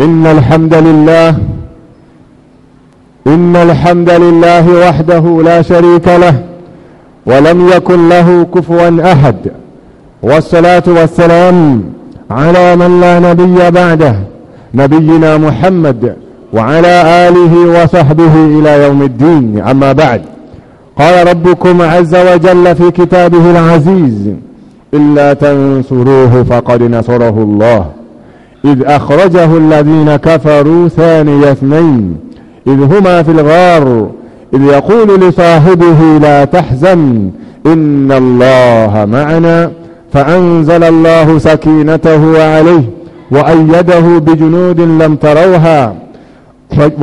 إن الحمد لله إن الحمد لله وحده لا شريك له ولم يكن له كفوا أحد والصلاة والسلام على من لا نبي بعده نبينا محمد وعلى آله وصحبه إلى يوم الدين أما بعد قال ربكم عز وجل في كتابه العزيز إلا تنصروه فقد نصره الله إذ أخرجه الذين كفروا ثاني اثنين إذ هما في الغار إذ يقول لصاحبه لا تحزن إن الله معنا فأنزل الله سكينته عليه وأيده بجنود لم تروها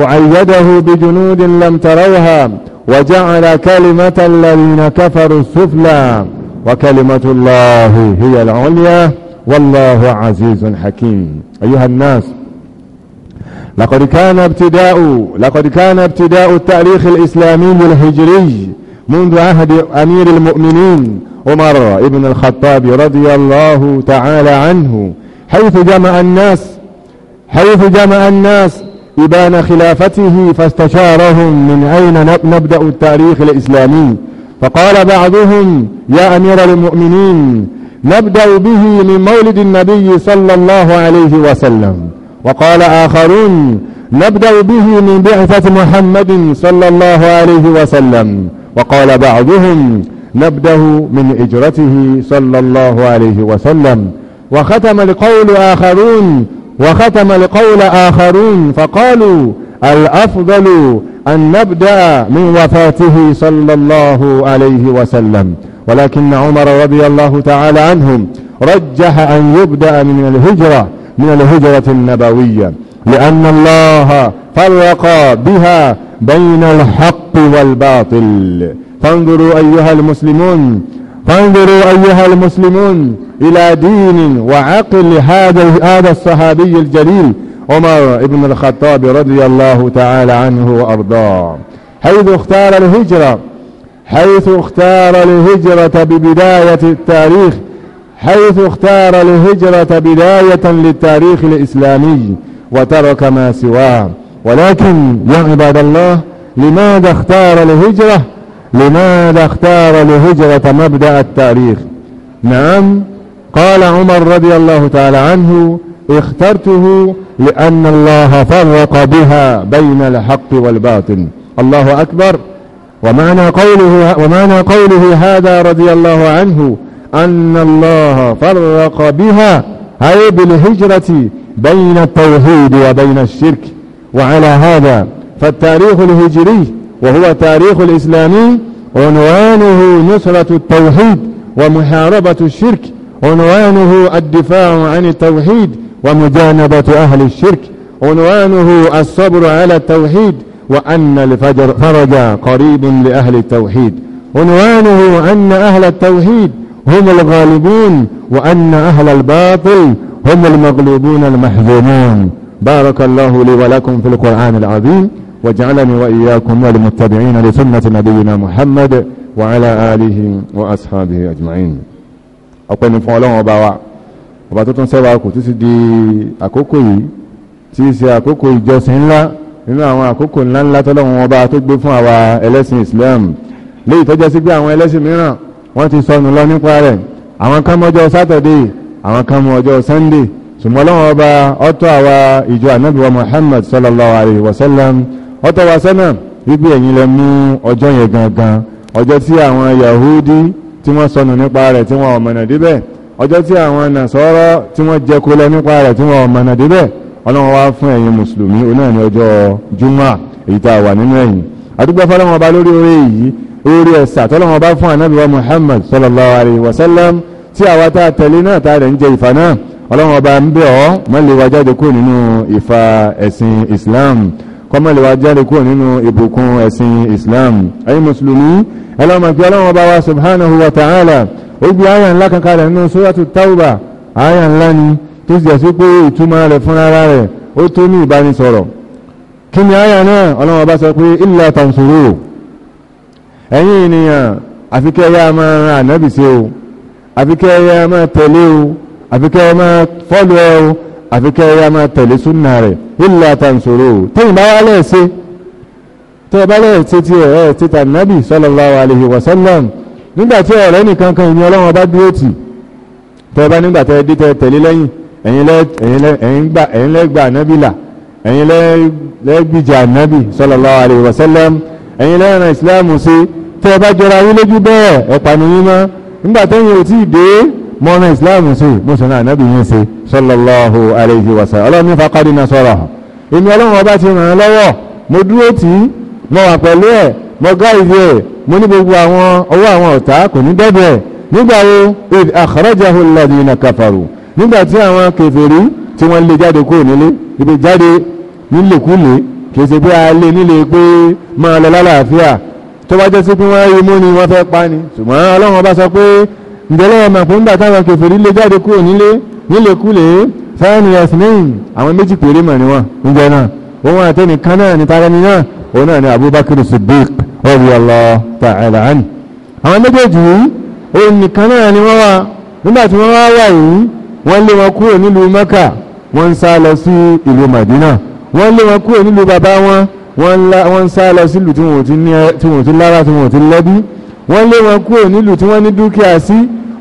وأيده بجنود لم تروها وجعل كلمة الذين كفروا السفلى وكلمة الله هي العليا والله عزيز حكيم أيها الناس لقد كان ابتداء لقد كان ابتداء التاريخ الإسلامي الهجري منذ عهد أمير المؤمنين عمر ابن الخطاب رضي الله تعالى عنه حيث جمع الناس حيث جمع الناس إبان خلافته فاستشارهم من أين نبدأ التاريخ الإسلامي فقال بعضهم يا أمير المؤمنين نبدأ به من مولد النبي صلى الله عليه وسلم وقال آخرون نبدأ به من بعثة محمد صلى الله عليه وسلم وقال بعضهم نبدأ من إجرته صلى الله عليه وسلم وختم لقول آخرون وختم لقول آخرون فقالوا الأفضل أن نبدأ من وفاته صلى الله عليه وسلم ولكن عمر رضي الله تعالى عنهم رجح أن يبدأ من الهجرة من الهجرة النبوية لأن الله فرق بها بين الحق والباطل فانظروا أيها المسلمون فانظروا أيها المسلمون إلى دين وعقل هذا هذا الصحابي الجليل عمر بن الخطاب رضي الله تعالى عنه وأرضاه حيث اختار الهجرة حيث اختار الهجرة ببداية التاريخ حيث اختار الهجرة بداية للتاريخ الإسلامي وترك ما سواه ولكن يا عباد الله لماذا اختار الهجرة لماذا اختار الهجرة مبدأ التاريخ نعم قال عمر رضي الله تعالى عنه اخترته لأن الله فرق بها بين الحق والباطل الله أكبر ومعنى قوله, ومعنى قوله هذا رضي الله عنه أن الله فرق بها أي بالهجرة بين التوحيد وبين الشرك وعلى هذا فالتاريخ الهجري وهو تاريخ الإسلامي عنوانه نصرة التوحيد ومحاربة الشرك عنوانه الدفاع عن التوحيد ومجانبة أهل الشرك عنوانه الصبر على التوحيد وأن الفرج قريب لأهل التوحيد عنوانه أن أهل التوحيد هم الغالبون وأن أهل الباطل هم المغلوبون المحزومون بارك الله لي ولكم في القرآن العظيم واجعلني وإياكم والمتبعين لسنة نبينا محمد وعلى آله وأصحابه أجمعين ọpẹ́ ni fún ọlọ́run ọba wa ọba tó tún ṣẹ́wàá kò títí nínú àwọn àkókò ńláńlá tọ́lọ́run ọba tó gbé fún àwa ẹlẹ́sìn Islam léyìí tó jẹ́ sí pé àwọn ẹlẹ́sìn mìíràn wọ́n ti sọnù lọ nípa rẹ̀ àwọn kan mọ́ Saturday àwọn kan mọ́ Sunday ṣùgbọ́n Ọlọ́run ọba ọ̀tọ̀ àwa ìjọ Ànábì wa Muhammad sallallahu alayhi wa sallam ọ̀tọ̀ wa sọ́nà wípé ẹ̀yin lẹ mú ọjọ́ yẹn gangan ọjọ́ tí àwọn Yahudi tí wọ́n sọnù nípa rẹ̀ tí wọ́n ọ̀mọ̀nà débẹ̀ ọjọ́ tí àwọn Nasara tí wọ́n jẹkulẹ̀ nípa rẹ̀ tí wọ́n ọ̀mọ̀nà débẹ̀ ọlọ́run wá fún ẹ̀yin mùsùlùmí oní ẹ̀ni ọjọ́ juma èyí tá a wà nínú ẹ̀yìn àdúgbò fọlọ́run ọba lórí orí èyí orí ẹ̀sà tọ́lọ́run ọba fún ànábì wa Muhammad sallallahu alayhi wa sallam tí àwa tá a tẹ̀lé náà tá a rẹ̀ ń jẹ ìfà náà ọlọ́run ọba ń bẹ̀ ọ́ mọ́lẹ̀wá jáde kúrò nínú ìfà ẹ̀sìn Islam kọ́mọ̀lẹ̀wá jáde kúrò nínú ìbùkún ẹ̀sìn Islam ẹ̀yin mùsùlùmí ẹlọ́mọ̀ ọba wa subhanahu wa ta'ala ó tó sì ẹ̀sí pé ìtumọ̀ rẹ̀ fún ara rẹ̀ ó tó ní ìbánisọ̀rọ̀ kí ni àyà náà ọlọ́wọ́ bá sọ pé illa tansuru ẹ̀yin ènìyàn àfikẹ́ ya máa ran ànábì sí o àfikẹ́ ya máa tẹ̀lé o àfikẹ́ ya máa fọ́lù ẹ o àfikẹ́ ya máa tẹ̀lé súnà rẹ̀ illa tansuru tẹ́yìn bá wá lẹ́ẹ̀ṣẹ́ tẹ́ ẹ bá lẹ́ẹ̀ṣẹ́ tí ẹ̀ ẹ̀ ti sallallahu alaihi wasallam nígbà tí ọ̀rẹ́ nìkan kan ìyẹn ọlọ́wọ́ bá dúró tì tẹ́ ẹ bá nígbà tẹ́ ẹ dé tẹ́ ẹ tẹ̀lé lẹ́yìn ẹ̀yin lẹ́gbà nábìlà ẹ̀yin lẹ́gbìjà nábì sallallahu alaihi wasallam ẹ̀yin lẹ́rìn ìsìláàmù sí tẹ́ ẹ bá jọra yín lójú bẹ́ẹ̀ ẹ̀pà nìyí mọ́ nígbà tẹ́yìn ò tí ì dé mọ́rin ìsìláàmù sí mọ́sánà ànábì yín sí nígbà tí àwọn kèfèrí tí wọ́n lé jáde kúrò nílé ibi jáde nílèkulè kì í ṣe pé a lé nílé pé máa lọ lálàáfíà tó bá jẹ́ sí pé wọ́n rí mú ni wọ́n fẹ́ pa ni ṣùgbọ́n ọlọ́run ọba sọ pé ǹjẹ́lẹ́ ọmọ àpò ńgbà táwọn kèfèrí lé jáde kúrò nílé nílèkulè fẹ́ẹ́nì yasmin àwọn méjì péré mọ̀ ni wọ́n ǹjẹ́ náà òun àtẹnìkan náà ní tarẹ́ni náà òun náà ni Abubakar Siddiq radiyallahu ta'ala anhu àwọn méjèèjì yìí òun nìkan náà ni wọ́n wà nígbà tí wọ́n wá wà yìí wọ́n lé wọn kúrò nílùú mẹ́kà wọ́n ń sá lọ sí ìlú madina wọ́n lé wọn kúrò nílùú bàbá wọn wọ́n ń sá lọ sílùú tí wọ́n ti lára tí wọ́n ti lẹ́bí wọ́n lé wọn kúrò nílùú tí wọ́n ní dúkìá sí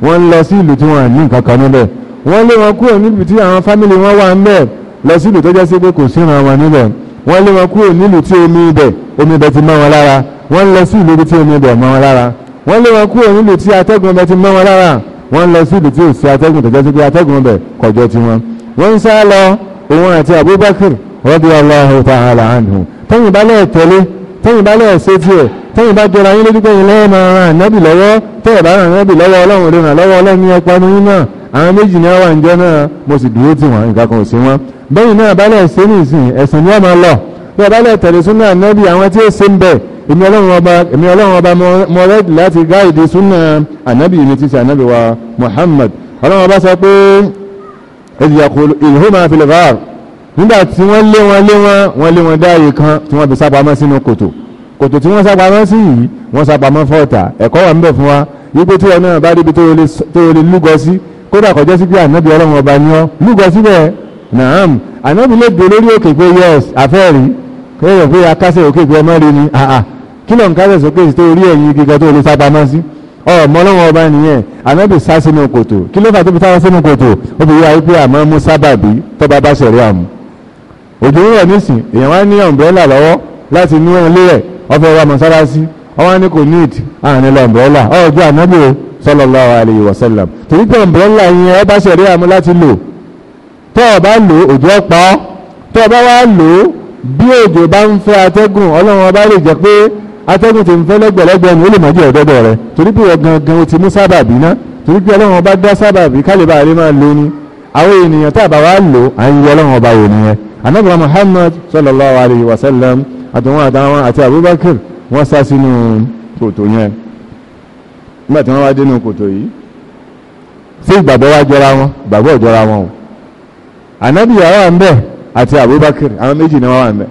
wọ́n ń lọ sí ìlú tí wọ́n ní nǹkan kan níbẹ̀ wọ́n lé wọn kúrò nílùú tí àwọn fámìlì wọn wà ń bẹ̀ lọ sílùú tó jẹ́ sí pé kò síran wọn níbẹ̀ wọ́n lé wọn kúrò nílùú tí omi ibẹ̀ omi ibẹ̀ ti mọ́ wọn lára wọ́n lọ sí ìlú tí omi ibẹ̀ mọ́ wọn lára wọ́n lé wọn kúrò nílùú tí atẹ́gùn ibẹ̀ ti mọ́ wọn lára wọ́n lọ sí ìlú tí ò sí atẹ́gùn tẹ̀jẹ́ sí pé atẹ́gùn bẹ̀ kọjọ́ ti wọn wọ́n ń sá lọ òun àti Abubakar radiyallahu ta'ala anhu tẹ́yìn bá lẹ́ẹ̀ tẹ́lé tẹ́yìn bá lẹ́ẹ̀ ṣe tiẹ̀ tẹ́yìn bá jọra yín lójú pẹ́yìn lẹ́yìn máa ran ànábì lọ́wọ́ tẹ́ẹ̀ bá ran ànábì lọ́wọ́ ọlọ́run lè ràn lọ́wọ́ ọlọ́run ní ẹpa ní náà àwọn méjì ní àwọn àǹjọ náà mo sì dúró tì wọ́n nǹkan kan ò sí wọn bẹ́yìn náà bá ṣe ní ẹ̀sìn ni wọ́n máa lọ bẹ́ẹ̀ bá tẹ̀lé súnà ànábì àwọn tí ó ṣe ń bẹ̀ èmi ọlọ́run ọba èmi ọlọ́run ọba mo rẹ́dì láti gáìdì súnà ànábì mi ti ṣe ànábì wa Muhammad ọlọ́run ọba sọ pé ẹ̀dìyàkó ìhó máa fi lè fàárù nígbà tí wọ́n lé wọn lé wọn wọ́n lé wọn dáàyè kan tí wọ́n fi sápamọ́ sínú kòtò kòtò tí wọ́n sápamọ́ sí yìí wọ́n sápamọ́ fọ́ọ̀tà ẹ̀kọ́ wà ń bẹ̀ fún wa wípé tí wọn náà bá débi tó o lè lúgọ sí kódà kọjá sí pé ànábì ọlọ́run ọba ni ọ́ lúgọ síbẹ̀ naam ànábì lè dé lórí òkè pé yẹs àfẹ́rí kéèyàn pé akásẹ̀ òkè pé ọmọ rẹ ni àà kí ló ń kárẹ̀ sókè sí orí ẹ̀yìn igi gan tó lè sábàámọ́ sí ọmọ ọlọ́run ọba nìyẹn ànábì sá sínú kòtò kí ló fà tó fi sá sínú kòtò ó fi yíra wípé àmọ́ mú sábàbí tọ́ba bá ṣẹ̀rí àmú òjò rírọ̀ nísìn èèyàn wá ní ọ̀mbrẹ́là lọ́wọ́ láti ní ilé rẹ̀ ọ̀fẹ́ wa mọ̀sálásí ọwọ́ ní kò ní ìtì àrùn ilẹ̀ ọ̀jọ́ ànábì sallallahu alayhi wa sallam torí pé ọ̀mbrẹ́là yẹn ẹ bá ṣẹ̀rí àmú láti lò tọ́ ọ bá lò òjò ọ̀pá tọ́ ọ bí òjò bá ń fẹ́ atẹ́gùn ọlọ́run ọba lè jẹ́ pé atẹ́gùn ti ń fẹ́ lẹ́gbẹ̀lẹ́gbẹ̀ ni ó lè má jẹ́ ọ̀dọ́dọ̀ rẹ torí pé wọ́n gangan o ti mú sábàbí ná torí pé ọlọ́run ọba dá sábàbí kálíbà rẹ máa lo ni àwọn ènìyàn tá a bá wá lò à ń yọ ọlọ́run ọba wò nìyẹn anábìrán Muhammad sallallahu alayhi wa sallam àtàwọn àtàwọn àti Abubakar wọ́n sá sínú kòtò yẹn nígbà tí wọ́n wá dénú kòtò yìí sí ìgbàgbọ́ wá jọra wọn ìgbàgbọ́ ò wọn o anábìyàwó à ń bẹ̀ àti Abubakar àwọn méjì ni wọ́n wà ń bẹ̀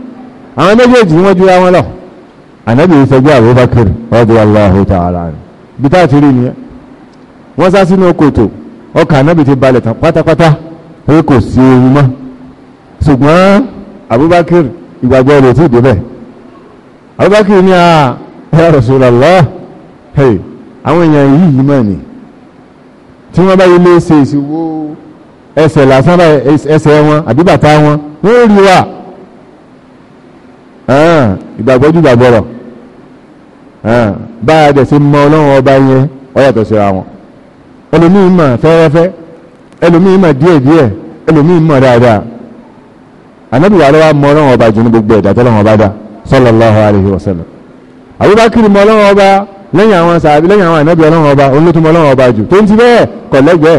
àwọn méjèèjì ni wọ́n jura wọn lọ ànábì ìṣẹ́jú Abubakar radiyallahu ta'ala anhu bí táà ti rí nìyẹn wọ́n sá sínú kòtò ọkà ànábì ti balẹ̀ tán pátápátá pé kò sí ohun mọ́ ṣùgbọ́n Abubakar ìgbàgbọ́ rẹ̀ ti débẹ̀ Abubakar ní a ah, ya Rasulullah àwọn èèyàn yìí yìí mọ̀ ni tí wọ́n bá ilé ṣe ìṣòwò ẹsẹ̀ lásán bá ẹsẹ̀ wọn àbí bàtà wọn wọ́n rí wa ah, ìgbàgbọ́jú gbàgbọ́rọ̀ bá a jẹ̀ sí mọ ọlọ́run ọba yẹn ó yàtọ̀ síra wọn ẹlòmíì mọ̀ fẹ́rẹ́fẹ́ ẹlòmíì mọ̀ díẹ̀díẹ̀ ẹlòmíì mọ̀ dáadáa ànábì wa lọ́wọ́ mọ ọlọ́run ọba jù ní gbogbo ẹ̀dá tọ́lọ́run ọba dá sallallahu alaihi wasallam Abubakar mọ ọlọ́run ọba lẹ́yìn àwọn sàbí lẹ́yìn àwọn ànábì ọlọ́run ọba olótùmọ̀ ọlọ́run ọba jù tó ń ti bẹ́ẹ̀ kọ̀lẹ́gbẹ̀ẹ́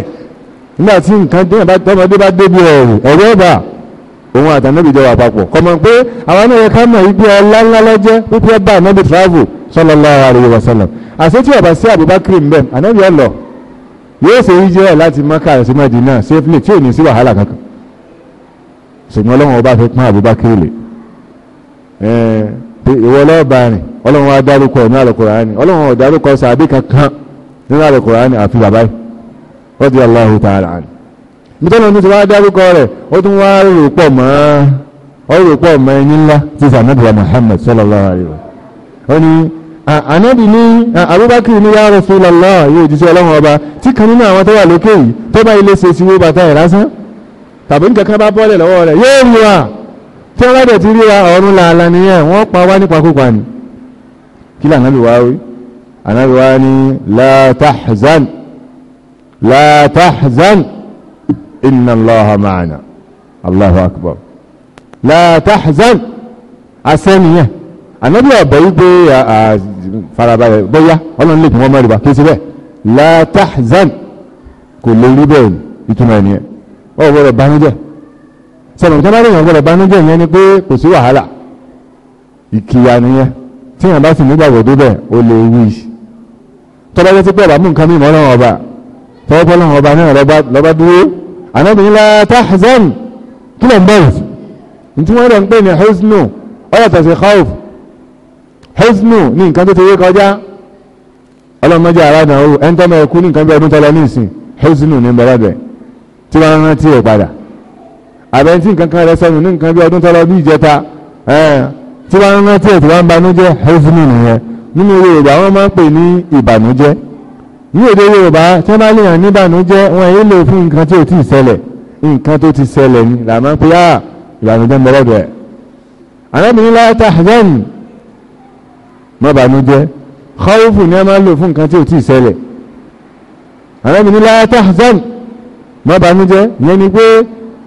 nígbà tí nǹkan tọ́mọdé bá débi ẹ̀rù ẹ̀rù ọba òun àtànábì jọ wà papọ̀ kọmọ pé àwọn náà yẹ ká mọ̀ ibi ọlá ńlá lọ́jẹ́ wípé ẹ bá ànábì travel sallallahu alaihi wasallam àṣẹ tí ọba sí Abubakar mbẹ ànábì ẹ lọ yóò ṣe yíjẹ́ ẹ̀ láti Maka sí Madina safely tí ò ní sí wàhálà kankan ṣùgbọ́n ọlọ́run ọba fi pọ́n Abubakar lè ìwọ ọlọ́ọ̀bà rìn ọlọ́run wa dárúkọ ní Al-Qur'ani ọlọ́run ọ̀dárúkọ sàbí kankan nínú Al-Qur'ani àfi bàbá yìí radiyallahu ta'ala mítọ́nà ní ti wá dárúkọ rẹ̀ ó tún wá rò pọ̀ mọ́ ọ rò pọ̀ mọ́ ẹni ńlá ti sàmúdùwà Muhammad sallallahu alaihi wa ó ní ànábì ní Abubakar ní ya Rasulullah yóò jíṣẹ́ ọlọ́run ọba tí kan nínú àwọn tó wà lókè yìí tó bá ilé ṣe síwó bàtà ẹ̀ lásán tàbí nǹkan kan bá bọ́ọ̀lẹ̀ lọ́wọ́ rẹ̀ yóò rí wa tí wọ́n bá dẹ̀ ti rí wa ọ̀run làálàá nìyẹn wọ́n pa wá nípa kópa ni kí lànàbì ànábì wá ní inna allaha ma'ana allahu akbar la tahzan asẹ́niyàn ànábì ọ̀bọ̀ yìí pé farabalẹ̀ bóyá ọlọ́run lè kún wọ́n mẹ́rin bá kí n ṣe bẹ́ẹ̀ la tahzan kò lè rí bẹ́ẹ̀ ìtumọ̀ ẹ̀nìyàn ọ̀ gbọ́dọ̀ banújẹ́ sọ̀rọ̀ tí wọ́n bá rí ìyàn gbọ́dọ̀ banújẹ́ yẹn ni pé kò sí wàhálà ìkìyà nìyẹn tí yàn bá sì nígbàgbọ́ débẹ̀ ó lè wí tọ́lá yẹn ti pẹ́ ọ̀bà mú nǹkan mímọ́ ọlọ́run ọba tọ́wọ́pọ́ ọlọ́run ọba náà lọ́ba dúró anábìnrin la tahzan kí lọ bẹ̀rù tí wọ́n rẹ̀ ń pè ní huznu ọ̀yàtọ̀ sí khawf huznu ní nǹkan tó ti rí kọjá ọlọ́mọdé aládàn ooru ẹni tọ́mọ ẹ̀kú ní nǹkan bí ọdún tọ́lọ ní ìsìn huznu ní bẹ̀rẹ̀bẹ̀ tí wọ́n rán tí ò padà àbẹ̀ tí nǹkan kan rẹ̀ sọnù ní nǹkan bí ọdún tọ́lọ bí ìjẹta tí wọ́n rán tí ò tí wọ́n banújẹ́ huznu nìyẹn nínú Yorùbá wọ́n máa ń pè ní ìbànújẹ́ ní èdè yorùbá tí wọ́n bá lè hàn níbànújẹ́ wọn èyí lò fún nǹkan tí ò tí ì ṣẹlẹ̀ nǹkan tó ti ṣẹlẹ̀ ni làmá pé á ah, ìbànújẹ́ mọ́lọ́dọ̀ ẹ̀ arábìnrin la tahzan má bànújẹ́ khawfu ni a máa lò fún nǹkan tí ò tí ì ṣẹlẹ̀ arábìnrin la tahzan má bànújẹ́ yẹn ni pé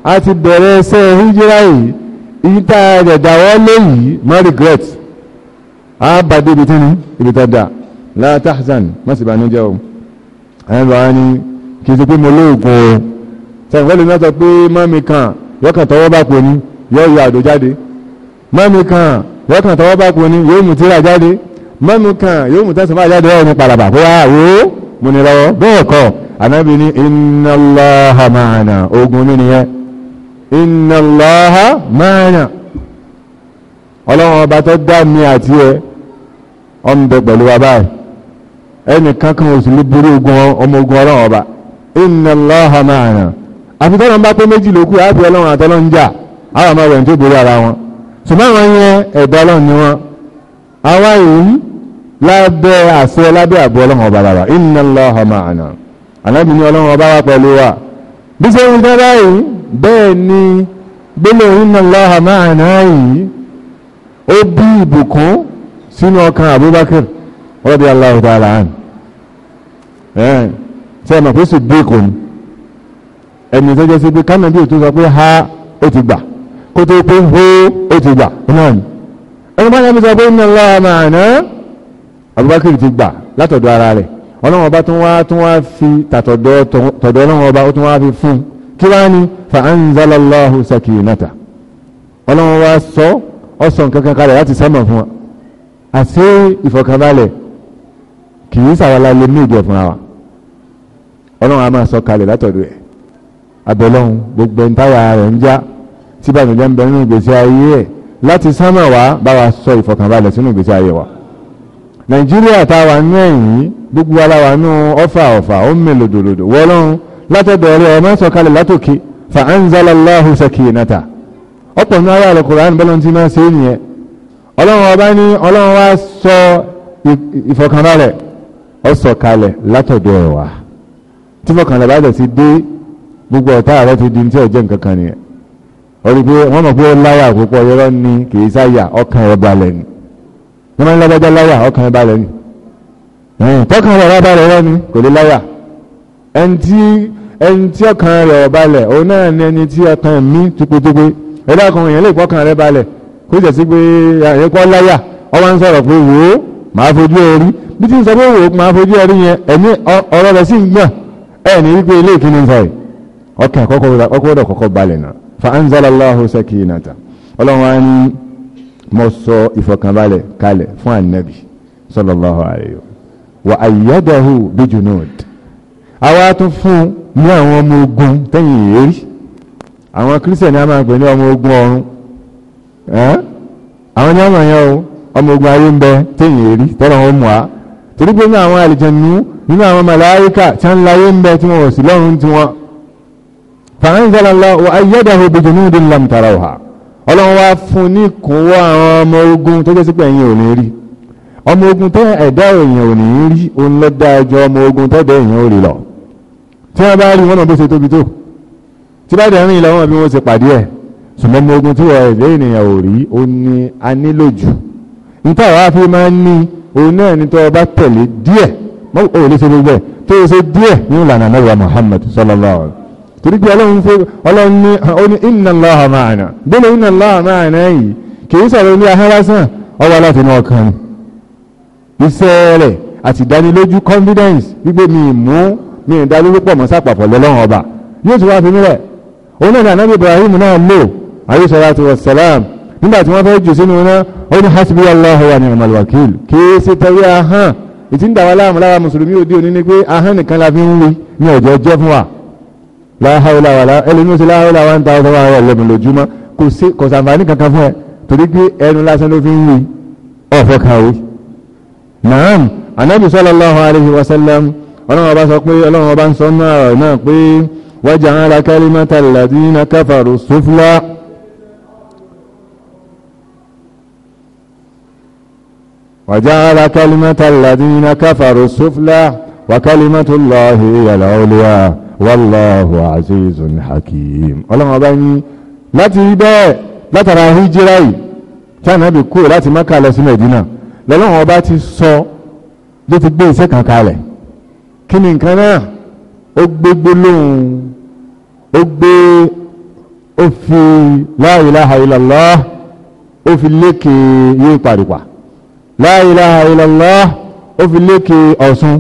a ti bẹ̀rẹ̀ ẹsẹ̀ hijira yìí ibi tá a rẹ̀ dáwọ́ léyìí má regret a bàdé ibi tí ni ibi tó dà la tahzan má sì bànújẹ́ o ẹ̀bà ni kì í ṣe pé mo lóògùn o sẹ̀ǹfẹ́lẹ̀ náà sọ pé mọ́mí kan yọkàn tọwọ́ bá pò ní yọ ìyá àdó jáde mọ́mí kan yọkàn tọwọ́ bá pò ní yóò mú tíra jáde mọ́mí kan yóò mú tẹ̀sán bá jáde ọ̀run paraba kó wá wo mo ní lọ́wọ́ bẹ́ẹ̀ kọ́ anábì ní inna Allaha ma'ana ogun ní nìyẹn inna Allaha ma'ana ọlọ́run ọba tó dá mi àti ẹ ọ́n pẹ̀lú wa báyìí ẹnì kankan oṣù ní burú ọmọ ogun ọlọ́run ọba inna Allaha ma'ana àfikọ́nà bá pé méjì lókù àbí ọlọ́run àtọ́lọ́run jà àwọn ọmọ rẹ̀ tó borí ara wọn ṣùgbọ́n àwọn yẹn ẹ̀dá ọlọ́run ni wọn àwa yìí lábẹ́ àṣẹ lábẹ́ àbọ̀ ọlọ́run ọba lára inna Allaha ma'ana àlábì ní ọlọ́run ọba wa pẹ̀lú wa bí ṣe ń dára yìí bẹ́ẹ̀ ni gbélé inna Allaha ma'ana yìí ó bí ìbùkún sínú ọkàn Abubakar rọ́bí aláwọ̀ tó ara hàn ẹ́n tí a mọ̀ pé sì díkù ní ẹni tó jẹ́ sí pé kánàbí tó sọ pé ha ó ti gbà kó tó pé hó ó ti gbà náà ni ẹni bá yẹmi sọ pé inna Allah ma'ana Abubakar ti gbà látọ̀dọ̀ ara rẹ̀ ọlọ́run ọba tún wá tún wá fi tàtọ̀dọ̀ tọ̀dọ̀ ọlọ́run ọba tún wá fi fún un kí wá ní fa anzalallahu sakinata ọlọ́run wá sọ ọ̀sán kankan kalẹ̀ láti sẹ́mọ̀ fún wa àti ìfọ̀kànbalẹ̀ kì í sàwálà lè mú ìjẹ fúnra wa ọlọ́run a máa sọ kalẹ̀ látọ̀dọ̀ ẹ̀ abẹ́lọ́run gbogbo ntáyà rẹ̀ ń já tí bàmíjẹ́ ń bẹ nínú ìgbésí ayé ẹ̀ láti sánmà wá bá wa sọ ìfọ̀kànbalẹ̀ sínú ìgbésí ayé wa nàìjíríà táwa nú ẹ̀yìn gbogbo aláwa nú ọ̀fà ọ̀fà ó ń mélòó dòdòdò wọ́lọ́run látọ̀dọ̀ rẹ̀ ẹ̀ máa sọ kalẹ̀ látòkè fa anzalallahu sakinata ọ̀pọ̀ ní ọlọ́run ọba ní ọlọ́run wá sọ ìfọ̀kànbalẹ̀ ọ sọ̀kalẹ̀ látọ̀dọ̀ ẹ̀ wá tí mọ̀kànlẹ̀ bá dẹ̀ sí dé gbogbo ọ̀tá rẹ̀ ti di tí ọ̀jẹ́ nǹkan kan nìyẹn ó pé wọ́n mọ̀ pé ó láyà púpọ̀ yọrọ ni kì í sáyà ọkàn ẹ̀ balẹ̀ ni wọ́n máa ń lágbájá láyà ọkàn ẹ̀ balẹ̀ ni tọ́kàn rẹ̀ ọ̀rá balẹ̀ rẹ̀ ni kò lè láyà ẹni tí ẹni tí ọkàn rẹ̀ ọ̀ balẹ̀ òun náà ni ẹni tí ọkàn mi tukutukwe ẹ̀dá kan èèyàn lè pọ́kàn rẹ̀ balẹ̀ kó jẹ́ sí pé àyẹ̀kọ́ láyà ọ wá ń sọ̀rọ̀ pé wò ó màá fojú ẹ rí bí tí ń sọ pé òwò máa fojú ẹrí yẹn ẹ̀mí ọ̀rọ̀ rẹ̀ sì ń gbọ̀n ẹ̀ ní wípé ilé ìkíni ń yìí ọkàn kọ́kọ́ rẹ̀ kọ́kọ́ balẹ̀ náà fa anzalallahu sakinata ọlọ́run wa ní mo sọ ìfọkànbalẹ̀ kalẹ̀ fún ànábì sallallahu alayhi wa ayyadahu bi junud àwa tún fún ní àwọn ọmọ ogun tẹ́yìn ìrírí àwọn kírísẹ̀ ni a máa pè ní ọmọ ogun ọ̀run àwọn ní àmọ̀ yẹn o ọmọ ogun ayé ń bẹ tẹ́yìn ìrírí tọ́lọ̀ wọn mú a torí pé ní àwọn àlìjẹ̀nú nínú àwọn màláíkà tí wọ́n láyé ń bẹ tí wọ́n wọ̀ sí lọ́run tí wọ́n fàánzálàlá wa ayyadahu bi junudin lam tarawha ọlọ́run wá fún ní kúnwọ́ àwọn ọmọ ogun tó jẹ́ sí pé ẹ̀yin ò ní rí ọmọ ogun tó ẹ̀dá èèyàn ò ní rí òun lọ dá ọmọ ogun tó dẹ èèyàn ò rí lọ tí wọ́n bá rí wọn náà bó ṣe tóbi tó tí bá dẹ̀ rìn lọ wọn bí wọ́n ṣe pàdé ẹ̀ ṣùgbọ́n ọmọ ogun tí wọ́n ẹ̀dá ènìyàn ò rí ó ní a nílò jù nítorí àwọn afi máa ń ní òun náà ni tó bá tẹ̀lé díẹ̀ ó lè ṣe gbogbo ẹ̀ tó o ṣe díẹ̀ ní ìlànà anábìá Muhammad sallallahu alayhi torí pé ọlọ́run fẹ́ ọlọ́run ní ó ní inna Allaha ma'ana gbọ́dọ̀ inna Allaha ma'ana yìí kì í sọ̀rọ̀ ní ahọ́n lásán ọwọ́ láti inú ọkàn ni iṣẹ́ rẹ̀ àti ìdánilójú confidence gbígbé mi mú mi ìdánilójú pọ̀ mọ́ sápapọ̀ lọ́lọ́run ọba yóò ti wá fi nílẹ̀ òun náà ní nígbà tí wọ́n fẹ́ jù sínú iná ó ní hasbi allah wa ni'mal wakil kìí ṣe tẹ̀wé ahán ìtí ń dàwọ́ láàmú lára mùsùlùmí òde òní ni pé ahán nìkan la fi ń wí ní ọ̀jọ́ jẹ́ fún wa láhàúlà wà ẹlòmí ó ṣe láhàúlà wà ń ta ọ̀sán wà lẹ́nu lójúmọ́ kò sí kò sàǹfààní kankan fún ẹ torí pé ẹnu lásán ló fi ń wí ọ̀fọ́ kàwé. naam anabi sallallahu alayhi wa sallam ọlọ́run ọba sọ pé ọlọ́run ọba ń sọ náà pé waja'ala kalimatal ladina kafaru sufla وجعل كلمة الذين كفروا السفلى وكلمة الله هي العليا والله عزيز حكيم ọlọ́run ọba ní láti bẹ́ẹ̀ látara hijira yìí tí ànábì kúrò láti Mákà lọ sí Mẹ̀dínà lọ́lọ́run ọba ti sọ ló ti gbé iṣẹ́ kan kalẹ̀ kí ni nǹkan náà ó gbé gbólóhùn ó gbé ó fi la ilaha illallah ó fi lékè yóò paripa la ilaha illallah ó fi lékè ọ̀ṣun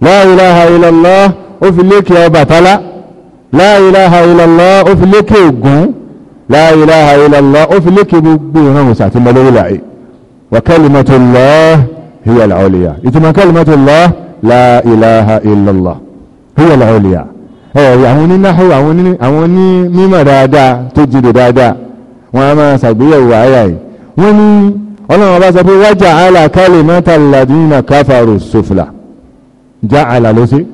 la ilaha illallah ó fi lékè ọbàtálá la ilaha illallah ó fi lékè ògún la ilaha illallah ó fi lékè gbogbo ìran òsà tí mọ́lórí láì wa kalimatullah hiya al-ulya ìtumọ̀ kalimatullah la ilaha illallah hiya al-ulya ẹ̀rẹ̀ àwọn onínáhù àwọn oní mímọ̀ dáadáa tó jìdò dáadáa wọ́n a máa ṣàgbéyẹ̀wò àyà yìí wọ́n ní ọlọ́run ọba sọ pé wa ja'ala kalimata alladhina kafaru sufla ja'ala ló sí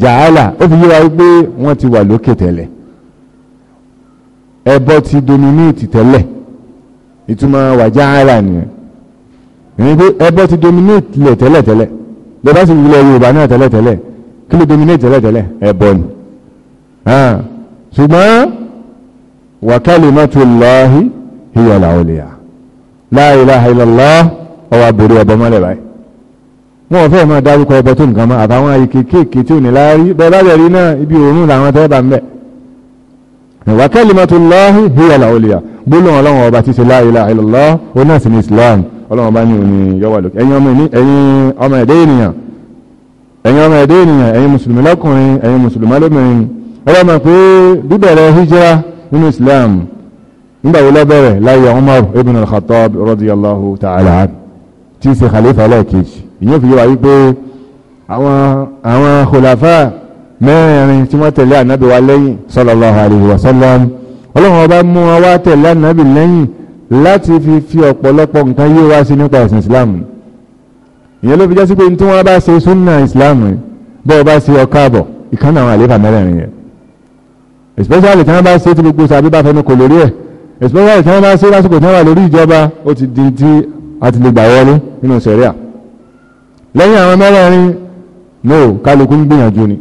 ja'ala ó fi yíra wípé wọ́n ti wà lókè tẹ́lẹ̀ ẹbọ ti dominate tẹ́lẹ̀ ìtumọ̀ wa ja'ala nìyẹn ìrìn pé ẹbọ ti dominate lẹ̀ tẹ́lẹ̀ tẹ́lẹ̀ bẹ́ẹ̀ sì wulẹ̀ yorùbá náà tẹ́lẹ̀ tẹ́lẹ̀ kí ló dominate tẹ́lẹ̀ tẹ́lẹ̀ ẹbọ ni ṣùgbọ́n wa kalimatullahi hiya al la ilaha illallah ọwà bèrè ọbọ mọ́lẹ̀ báyìí wọ́n fẹ́ máa dárúkọ ọbọ tó nǹkan mọ́ àbáwọn ayé kéèkéèké tí ò ní láárí bẹ́ẹ̀ bá bẹ̀rí náà ibi òórùn làwọn tẹ́ bá ń bẹ̀ wa kalimatullahi hiya al-ulya gbólóhùn ọlọ́run ọba ti ṣe la ilaha illallah ó náà sì ní islam ọlọ́run ọba ní òní yọwà lókè ẹ̀yin ọmọ ẹ̀yin ẹ̀dẹ́ ènìyàn ẹ̀yin nígbà wo ló bẹ̀rẹ̀ láyé Umar ibn al-Khattab radiyallahu ta'ala an tí í ṣe khalifa lẹ́ẹ̀kejì ìyẹn fi yé wa wípé àwọn àwọn khulafa mẹ́rin tí wọ́n tẹ̀lé ànábì wa lẹ́yìn sallallahu alayhi wa sallam ọlọ́run ọba mú wọn wá tẹ̀lé ànábì lẹ́yìn láti fi fi ọ̀pọ̀lọpọ̀ nǹkan yé wá sí nípa ẹ̀sìn islam ìyẹn ló fi jásí pé tí wọ́n bá ṣe sunna islam bọ́ọ̀ bá ṣe ọkàbọ̀ especially tí wọ́n bá ṣe tí gbogbo sàbí bá fẹnu kò lórí ẹ̀ especially tí wọ́n bá ṣe lásìkò tí wọ́n wà lórí ìjọba ó ti di tí a ti lè gbà wọlé nínú sẹ̀ríà lẹ́yìn àwọn mẹ́rẹ̀ẹ̀rin no kálukú ń gbìyànjú ni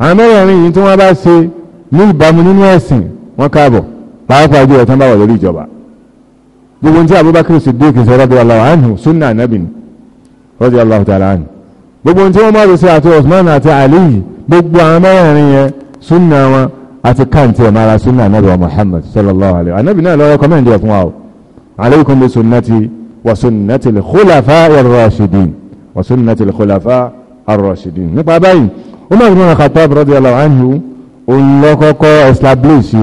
àwọn mẹ́rẹ̀ẹ̀rin yìí tí wọ́n bá ṣe ní ìbámu nínú ẹ̀sìn wọn káàbọ̀ pàápàá jù ẹ̀tàn bá wà lórí ìjọba gbogbo tí Abubakar Siddiq ṣe radiyallahu anhu sunna anabi ni radiyallahu ta'ala anhu gbogbo tí wọ́n bá ṣe àti Osman àti Ali gbogbo àwọn mẹ́rẹ̀ẹ̀rin yẹn sunna wọn àti káàntì ẹ̀ mara sunna anabi wa muhammad sallallahu alayhi wa anabi náà lọ́wọ́ kọ́mẹ́ndì ẹ̀fún wa o alaykum bi sunnati wa sunnati al-khulafa ar-rashidin wa sunnati al-khulafa ar-rashidin nípa báyìí umar ibn khattab radiyallahu anhu òun lọ kọ́kọ́ establish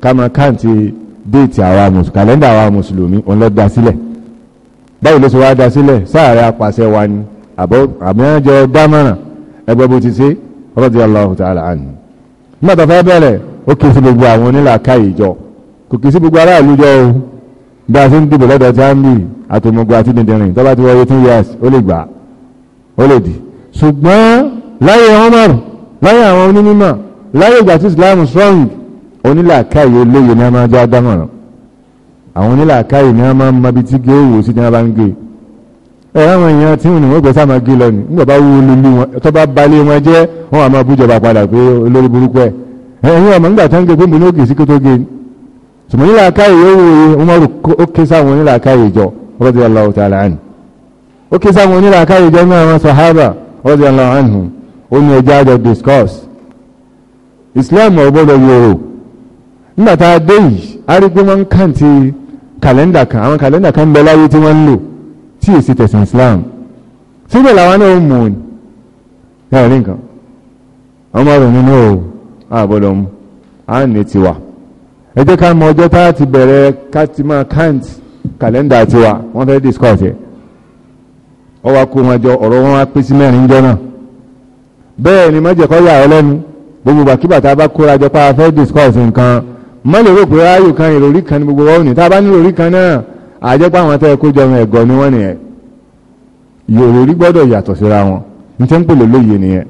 kama káàntì déètì àwa mùsùlùmí kàlẹ́ndà àwa mùsùlùmí òun báyìí ló ṣe wá dá sílẹ̀ sáàrẹ̀ apàṣẹ wa ni àbọ̀ àmì àjọ dámọ̀ràn ẹgbẹ́ bó ti ṣe radiyallahu ta'ala anhu nígbàtà fẹ́ bẹ̀rẹ̀ ó kì í sí gbogbo àwọn onílàáká ìjọ kò kì í sí gbogbo aráàlú jọ o bí a ti ń dìbò lọ́dọ̀ jambi àtòmọ̀gbọ̀ àti dìndìnrìn tó bá ti wọ eighteen years ó lè gbà ó lè dì ṣùgbọ́n láyé Umar láyé àwọn onímọ̀ láyé ìgbà tí Islam strong onílàáká yìí olóye ni a máa jẹ́ adámọ̀ràn àwọn onílàáká yìí ni a máa mọbi tí gé sí ni a bá ń gé e e èèyàn tí wọ́n gbé sáà máa gé lọ nì nígbàbá wo olólù wọn tó bá balẹ̀ wọn jẹ́ wọn àmọ́ bújọba padà pé olórí burúkú ẹ̀ ẹ̀yìn ọmọ nígbà tó ń gé pé ní òkè sí kó gé ni ṣùgbọ́n nílà káyè ó wọn rò ó ké sáwọn nílà káyè jọ rọ́dí aláwọ̀ ó ké sáwọn nílà Islam tí èsì tẹ̀sán Islam síbẹ̀ làwọn náà mú un náà rí nǹkan ọmọ rẹ̀ nínú o àbọ̀dọ̀ mu a ní tiwa ẹ jẹ́ ká mọ ọjọ́ tá a ti bẹ̀rẹ̀ ká ti máa count kàlẹ́ndà tiwa wọ́n fẹ́ discuss ẹ̀ ọ wá kó wọn jọ ọ̀rọ̀ wọn wá pín sí mẹ́rin jọ náà bẹ́ẹ̀ ni mọ́jẹ̀kọ́ yà ọ lẹ́nu gbogbo bàkíbà tá a bá kóra jọ pa fẹ́ discuss nǹkan mọ́lẹ̀ rò pé ráyò kan ìròrí kan ní gbogbo wọn ò ní tá a bá ní ìròrí kan náà àjẹpá àwọn tẹ́ jọmọ ẹ̀gọ́ ni wọ́n nìyẹn yòrò rí gbọ́dọ̀ yàtọ̀ síra wọn ní tẹ́ ń pèlè lóye nìyẹn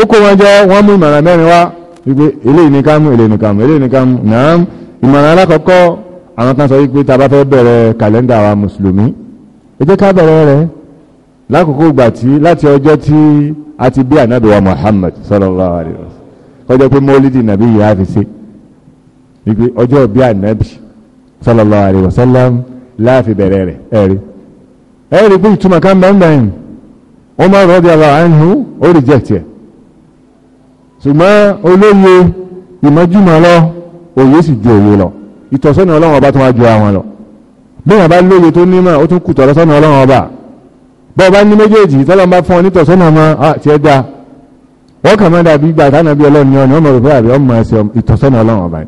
ó kó wọn jẹ́ wọ́n mú ìmọ̀ràn mẹ́rin wá wípé eléyìí ní ká mú eléyìí ní ká mú eléyìí ní ká mú náà ìmọ̀ràn alákọ̀ọ́kọ́ àwọn kan sọ wípé ta bá fẹ́ bẹ̀rẹ̀ kàlẹ́ndà wa mùsùlùmí ẹ jẹ́ ká bẹ̀rẹ̀ rẹ̀ lákòókò ìgbà tí láti ọjọ́ tí a ti bí ànábì wa Muhammad sallallahu alayhi wa sallam kọjá pé mọ́lídì nàbí yìí á fi ṣe wípé ọjọ́ bí ànábì sallallahu alayhi wa sallam láàfi bẹ̀rẹ̀ rẹ̀ ẹ̀rí ẹ̀rí pé ìtumọ̀ kan bẹ́ẹ̀bẹ́ẹ̀ Umar radiyallahu anhu ó reject ẹ̀ ṣùgbọ́n olóye ìmọ̀júmọ̀ lọ òye sì ju òye lọ ìtọ́sọ́nà ọlọ́run ọba tó wá ju àwọn lọ bí wọn bá lóye tó nímọ̀ ó tún kù tọ́lọ́sọ́nà ọlọ́run ọba bọ́ ọba ní méjèèjì tọ́lọ́ bá fún ọ nítọ̀sọ́nà ọmọ ti ẹ da wọ́n kàn má dàbí gbàtánà bí ọlọ́run ni ọ̀nà ọmọ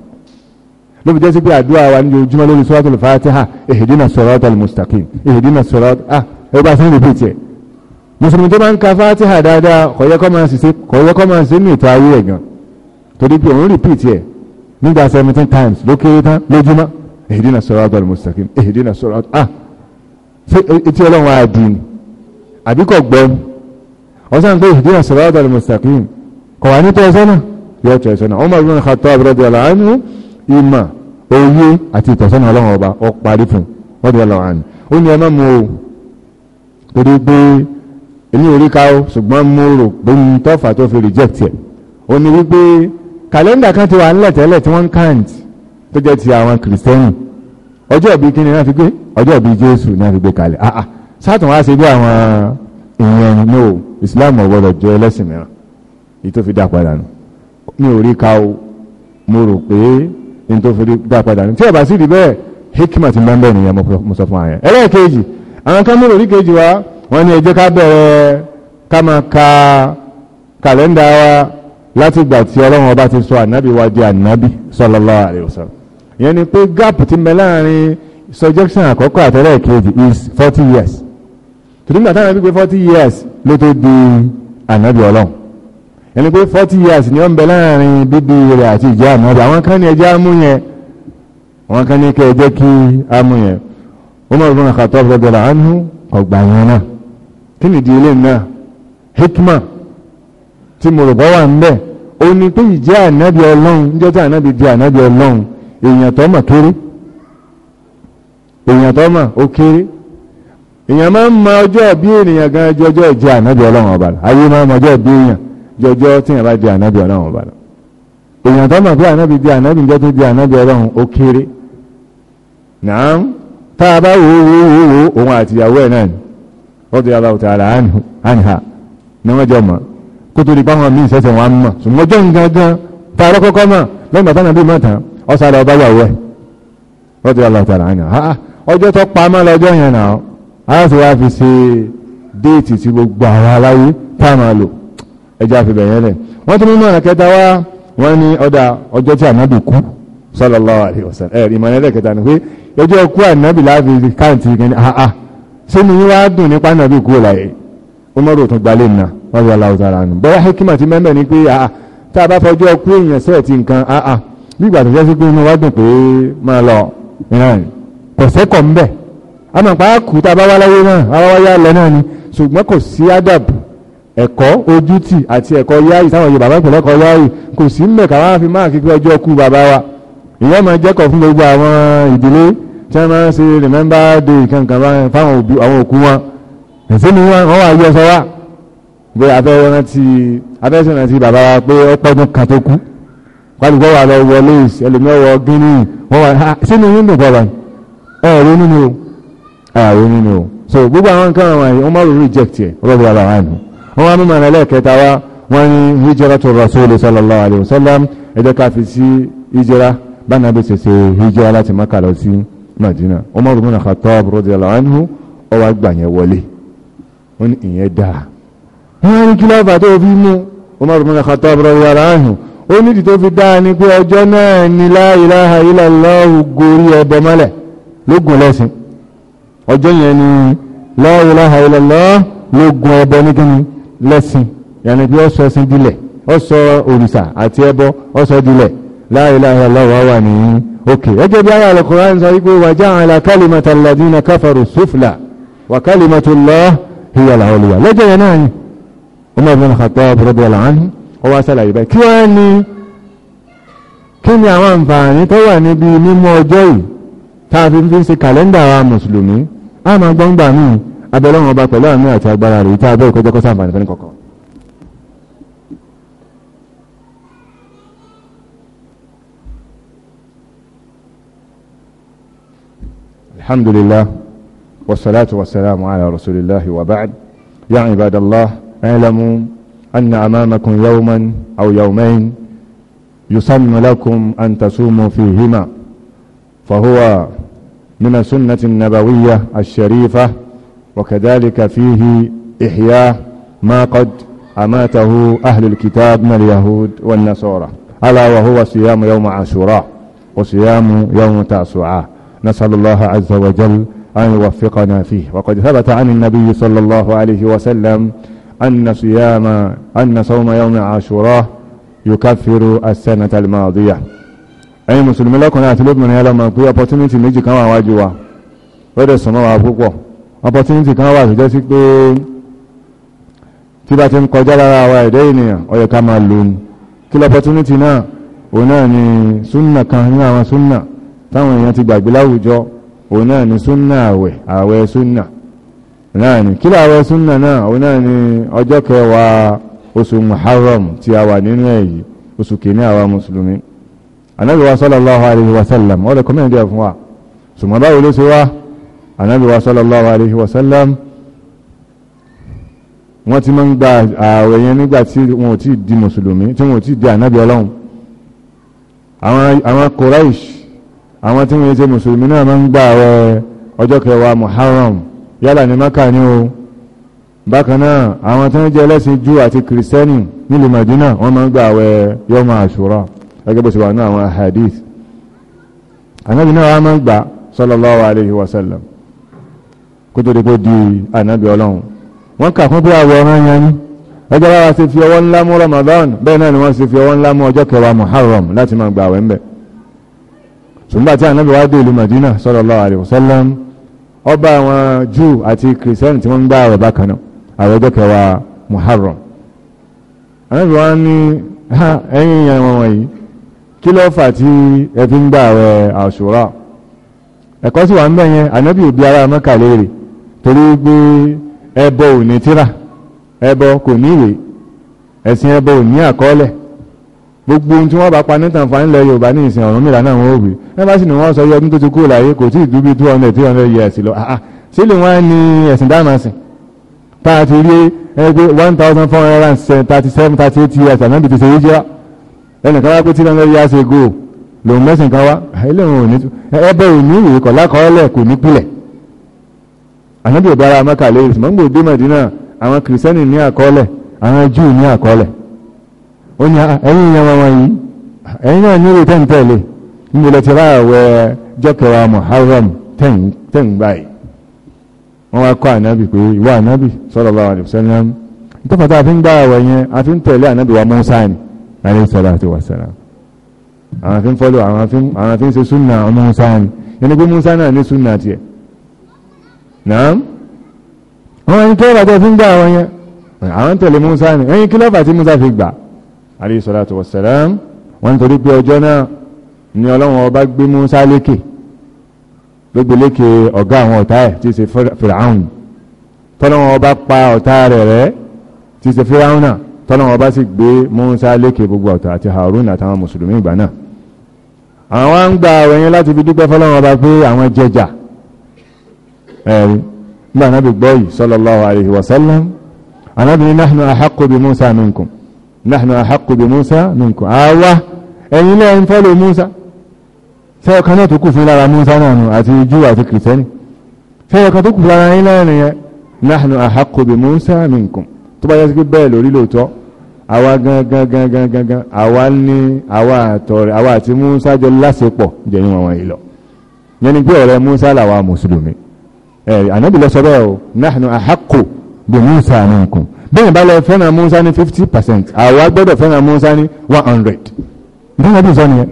ló fi jẹ́ sí pé àdúrà wa ní ojúmọ́ lórí suratul Fatiha ihdina siratal mustaqim ihdina sirat ah ẹ bá sẹ́yìn rìpì tiẹ̀ mùsùlùmí tó bá ń ka Fatiha dáadáa kọ̀yẹ́ kọ́ máa ṣiṣẹ́ kọ̀yẹ́ kọ́ máa ṣe ní ètò ayé ẹ̀gàn torí pé òun rìpì tiẹ̀ nígbà seventeen times ló kéré tán lójúmọ́ ihdina siratal mustaqim ihdina sirat ah ṣé etí ọlọ́run á di ní tọ́ ẹ̀sán náà yóò tọ́ ẹ̀sán náà ìmọ̀ òye àti ìtọ̀sọ́nà ọlọ́run ọba ọ parí fún wọ́n ti wọ́n lọ́wọ́ àná ó ní ẹ má mu o torí pé èmi ò rí ká o ṣùgbọ́n mo rò pé n tọ́fà tó fi reject ẹ̀ ó ní wípé kàlẹ́ndà kan ti wà ńlẹ̀ tẹ́lẹ̀ tí wọ́n ń tó jẹ́ ti àwọn kìrìsìtẹ́nì ọjọ́ ìbí kí ni wọ́n fi gbé ọjọ́ ìbí jésù ni wọ́n fi gbé kalẹ̀ ah ah sátùn wá ṣe bí àwọn èèyàn ẹni ní o islam ọ̀gbọ́dọ̀ jẹ́ ẹlẹ́sìn mìíràn èyí tó fi dá padà nù mi ò rí ká o mo rò pé ní tó fi dá padà ní tí ọba sì rí bẹ́ẹ̀ hikima ti máa ń bẹ̀rẹ̀ nìyẹn mo sọ fún ààyẹ ẹlẹ́ẹ̀kejì àwọn kan múlò kejì wa wọ́n ní ẹ ká bẹ̀rẹ̀ ká máa ka kàlẹ́ndà wa láti ìgbà tí ọlọ́run ọba ti sọ ànábì wa di ànábì sallallahu alaihi wasallam ìyẹn ni pé gap ti mẹ láàrin subjection àkọ́kọ́ àtẹ́lẹ̀ kejì is forty years tòdúgbà táwọn ẹbí pé forty years ló tó di ànábì ọlọ́run ẹni pé forty years ni ó ń bẹ láàrin bíbí rẹ̀ àti ìjẹ́ ànábì àwọn kan ní ẹjẹ́ amú yẹn àwọn kan ní kẹ́ ẹjẹ́ kí amú yẹn Umar ibn Khattab radiyallahu anhu ọgbà yẹn náà kí nìdí ilé náà hikma tí mo rò bọ́ wà ń bẹ̀ ó ní pé ìjẹ́ ànábì ọlọ́run níjọ́ tí ànábì di ànábì ọlọ́run èèyàn tó mà kéré èèyàn tó mà ó kéré èèyàn máa ń ma ọjọ́ bí ènìyàn gan ọjọ́ ìjẹ́ ànábì ọlọ́run ọ̀bàlá ayé máa ń ma ọjọ́ bí èèyàn jọjọ́ tí yẹn bá di ànábì ọlọ́run ọba lọ èèyàn tó mọ̀ pé ànábì di ànábì ń jẹ́ tó di ànábì ọlọ́run ó kéré náà tá a bá wò ó wò ó wò ó òun àtìyàwó ẹ̀ náà ni ọdún yàrá òtà àlà àníhà ni wọ́n jọ mọ̀ kó tó di báwọn míì sẹ́sẹ̀ wọn mọ̀ ṣùgbọ́n jọ́ gangan tá a rọ́ kọ́kọ́ mọ̀ lẹ́yìn bàtà nàbí mọ̀ tán ọ̀sà lọ bá yàwó ẹ̀ ọdún yàrá òtà àlà àníhà ọjọ́ tó pa mọ́ lọ́jọ́ yẹn náà á sì wá fi ṣe déètì tí gbogbo àwọn aláyé tá lò ẹjá fi bẹ̀yẹn lẹ̀ wọ́n tún mímọ̀ ẹ̀kẹta wá wọ́n ní ọ̀dà ọjọ́ tí ànábì kú sallallahu alaihi wasallam ẹ̀rì ìmọ̀ ẹlẹ́kẹta ni pé ọjọ́ kú ànábì láàfi káàntì kẹni àà ṣé ni wá dùn nípa ànábì kú láyé umaru tún gbalẹ̀ nà wọ́n fi aláwọ̀ tara nù bọ́yá hikima ti mẹ́mẹ́ ni pé àà tá a bá fọjọ́ kú èèyàn sẹ́ẹ̀ ti nǹkan àà bí ìgbà tó jẹ́ sí pé inú ẹ̀kọ́ ojútì àti ẹ̀kọ́ yáàyè táwọn Yorùbá bá ń pè lọ́kọ́ yáàyè kò sí mẹ̀ka wá fi máa kíkọ́ ọjọ́ kú bàbá wa ìyẹn máa jẹ́kọ̀ fún gbogbo àwọn ìdílé tí wọ́n máa ń ṣe remember day kankan fáwọn òkú wọn ẹ̀sìn ni wọ́n wà yọ sọ wá pé abẹ́sẹ̀ náà ti bàbá wa pé ọpọ́dún kan tó kú pàdùkọ́ wà lọ wọlé ẹlòmíọ̀wọ̀ gíní wọ́n wà sínú ah, yín dùn bàbá ẹ̀rọ nínú ẹ̀rọ nínú so gbogbo àwọn nǹkan àwọn ọmọ rẹ̀ reject ẹ̀ rọ́bì bàbá wa nù wọ́n wá mímọ̀ ẹlẹ́ẹ̀kẹta wá wọ́n ní hijratu rasuli sallallahu alayhi wa sallam ẹ jẹ́ ká fi sí hijira báńdà bí ṣẹṣẹ hijira láti Mákà lọ sí Madina Umar bin Khattab radiyallahu anhu ó wá gbà yẹn wọlé wọ́n ní ìyẹn dáa wọ́n ní kí lọ́ọ̀bà tó fi mú Umar bin Khattab radiyallahu anhu ó nídìí tó fi dáa ni pé ọjọ́ náà ni la ilaha gorí ẹbọ mọ́lẹ̀ lógun lẹ́sìn ọjọ́ yẹn ni la ilaha lógun ẹbọ nígbìmí lẹ́sìn yàní pé ó sọ ẹ̀sìn dilẹ̀ ó sọ òrìṣà àti ẹbọ ó sọ dilẹ̀ la ilaha illallah wà ní òkè ẹjẹ́ bí ayà al-Qur'an sọ wípé wa ja'ala kalimata alladhina kafaru sufla wa kalimatullahi hiya al-'ulya lọ́jọ́ yẹn náà ni Umar bin Khattab radiyallahu anhu ó wá sálàyé bẹ́ẹ̀ kí abẹ́lọ́wọ́ ọba pẹ̀lú àmì àti agbára rẹ̀ ìta abẹ́ ìkọjọ́ kọ́sà àǹfààní الحمد لله والصلاة والسلام على رسول الله وبعد يا عباد الله اعلموا أن أمامكم يوما أو يومين يسن لكم أن تصوموا فيهما فهو من السنة النبوية الشريفة وكذلك فيه إحياء ما قد أماته أهل الكتاب من اليهود والنصارى ألا وهو صيام يوم عاشوراء وصيام يوم تاسعاء نسأل الله عز وجل أن يوفقنا فيه وقد ثبت عن النبي صلى الله عليه وسلم أن صيام أن صوم يوم عاشوراء يكفر السنة الماضية أي مسلم لكم أتلوب من هذا pé opportunity نجي كما واجوا ó dẹ̀ sùnmọ́ wa opportunity kan wà tó jẹ́ sí pé tí bá ti ń kọjá lára wa ẹ̀dẹ́ ènìyàn ó yẹ ká máa lò ní kí lọ opportunity náà òun náà ni súnnà kan nínú àwọn súnnà táwọn èèyàn ti gbàgbé láwùjọ òun náà ni súnnà àwẹ̀ àwẹ̀ súnnà náà ni kí láwẹ̀ súnnà náà òun náà ni ọjọ́ kẹwàá oṣù muharram tí a wà nínú èyí oṣù kìíní àwa mùsùlùmí anábìwá sallallahu alaihi wa sallam ó recommend fún wa ṣùgbọ́n báwo ló ṣe wá anábì wa sallallahu alaihi wasallam wọ́n ti máa ń gba ààwẹ̀ yẹn nígbà tí wọn ò tí di mùsùlùmí tí wọn ò tí di ànábì ọlọ́run àwọn Quraysh àwọn tí wọ́n ṣe mùsùlùmí náà máa ń gba ààwẹ̀ ọjọ́ kẹwàá Muharram yálà ní Maka ni o bákan náà àwọn tí wọ́n jẹ́ ẹlẹ́sìn Júù àti kìrìsẹ́nì nílùú Madina wọ́n máa ń gba ààwẹ̀ Yom Ashura gẹ́gẹ́ bó ṣe wà ní àwọn hadith ànábì náà wọ́n máa ń gbà sallallahu alaihi wasallam kó tó dípò di ànábì ọlọ́run wọ́n kà fún bí àwọ̀ ọ̀ràn yẹn ní ọjọ́ bá wa ṣe fi ọwọ́ ńlá mú Ramadan bẹ́ẹ̀ náà ni wọ́n ṣe fi ọwọ́ ńlá mú ọjọ́ kẹwàá Muharram láti máa gbà wẹ́ńbẹ̀ ṣùgbọ́n tí ànábì wa dé ìlú Madina sallallahu alaihi wasallam ọba àwọn Júù àti kìrìsẹ́nì tí wọ́n ń gbà àwẹ̀ bákan náà àwẹ̀ ọjọ́ kẹwàá Muharram ànábì wa ní ẹ̀yìn ìyẹn wọn wọ̀nyí kí ló fà tí ẹ fi ń gbà àwẹ̀ Àṣúrà ẹ̀kọ́ sì wà ń bẹ̀ ànábì òbí ara mọ́kà torí gbé ẹbọ ò ní tíra ẹbọ kò ní ìwé ẹ̀sìn ẹbọ ò ní àkọọ́lẹ̀ gbogbo ohun tí wọ́n bá pa nítan fa nílẹ̀ yorùbá ní ìsìn Ọ̀rúnmìlà náà wọ́n ò wí nígbà sì ni wọ́n sọ yọ ọdún tó ti kúrò láyé kò tí ì dúbí two hundred three hundred years lọ àà sílẹ̀ wọ́n ní ẹ̀sìn dáhàmásìn tá a ti rí ẹgbẹ́ one thousand four hundred and thirty seven thirty eight years àná bìtì ṣe yíjá ẹnìkan wá pé three hundred years ago lòun mẹ́sìn kan wá ẹlẹ́wọ̀n ò ní ẹbọ ò ní ìwé kọ̀ kò ní pilẹ̀ ànábì ò dára mẹ́kà lè rìsì mọ́ngbò dé mẹ́dínà àwọn kìrìsẹ́nì ní àkọọ́lẹ̀ àwọn júù ní àkọọ́lẹ̀ ó ní ẹ̀yìn ìyẹn wọn yìí ẹ̀yìn náà ní ìrètẹ́ ń tẹ̀lé ní ilẹ̀ tí ra àwẹ̀ jọ́kẹ̀wà Muharram tẹ̀yìn báyìí wọ́n wá kọ́ ànábì pé ìwọ ànábì sallallahu alaihi wasallam ìtọ́fàtà àfi ń gbá àwẹ̀ yẹn àfi ń salatu wassalam àwọn àfi ń fọ́lọ́ àwọn àfi ń ṣe súnà Mùsá ni ẹni pé náà ní súnà náà wọ́n wọ́n ní tó bàtẹ́ fi ń gbà àwọn yẹn àwọn tẹ̀lé Musa ni ẹ̀yìn kí lọ́fà tí Musa fi gbà alayhi salatu wassalam wọ́n ní torí pé ọjọ́ náà ni Ọlọ́run ọba gbé Musa lékè gbogbo lékè ọ̀gá àwọn ọ̀tá ẹ̀ tí í ṣe Fir'aun tọ́lọ́wọ́n ọba pa ọ̀tá rẹ̀ rẹ́ tí í ṣe Fir'aun náà ọba sì gbé Musa lékè gbogbo ọ̀tá àti Harun àtàwọn mùsùlùmí ìgbà náà àwọn ń gba àwẹ̀yìn láti fi dúpẹ́ fọ́lọ́wọ́n ọba pé àwọn jẹjà ẹ̀rí nígbà náà bí gbọ́ yìí sallallahu alayhi wa sallam anábì ní nahnu ahaqqu bi Musa minkum nahnu ahaqqu bi Musa minkum àwa ẹ̀yin náà ń fọ́lọ̀ Musa sẹ́yọ̀ kan náà tó kù fún lára Musa náà nù àti Júù àti kìrìsẹ́nì sẹ́yọ̀ kan tó kù lára yín náà nìyẹn nahnu ahaqqu bi Musa minkum tó bá yẹ sí bẹ́ẹ̀ lórí lóòótọ́ àwa gangan àwa ní àwa àtọ̀rẹ̀ àwa àti Musa jọ lásìpọ̀ jẹ́yìn wọn wọ̀nyí lọ yẹn ni pé ọ̀rẹ́ Musa làwa mùsùlùmí ànábì lọ sọ bẹ́ẹ̀ o nahnu ahakku bi musa minkum bẹ́ẹ̀ bá lọ fẹ́ràn musa ní fifty percent àwa gbọ́dọ̀ fẹ́ràn musa ní one hundred nígbà bí sọ nìyẹn